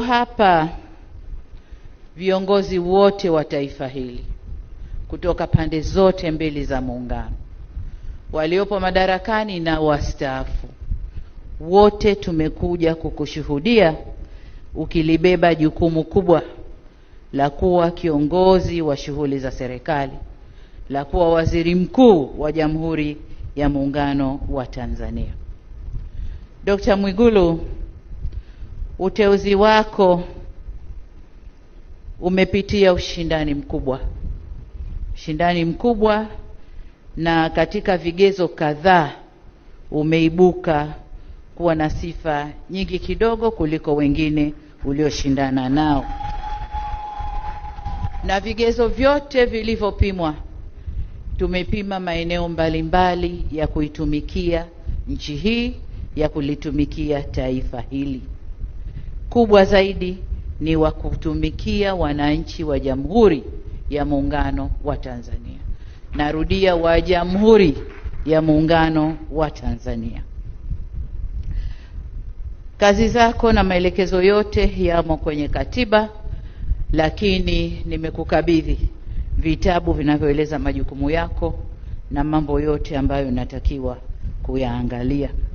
hapa viongozi wote wa taifa hili kutoka pande zote mbili za muungano, waliopo madarakani na wastaafu, wote tumekuja kukushuhudia ukilibeba jukumu kubwa la kuwa kiongozi wa shughuli za serikali, la kuwa waziri mkuu wa Jamhuri ya Muungano wa Tanzania. Dkt. Mwigulu Uteuzi wako umepitia ushindani mkubwa, ushindani mkubwa, na katika vigezo kadhaa umeibuka kuwa na sifa nyingi kidogo kuliko wengine ulioshindana nao, na vigezo vyote vilivyopimwa, tumepima maeneo mbalimbali ya kuitumikia nchi hii, ya kulitumikia taifa hili kubwa zaidi ni wa kutumikia wananchi wa Jamhuri ya Muungano wa Tanzania. Narudia, wa Jamhuri ya Muungano wa Tanzania. Kazi zako na maelekezo yote yamo kwenye katiba, lakini nimekukabidhi vitabu vinavyoeleza majukumu yako na mambo yote ambayo inatakiwa kuyaangalia.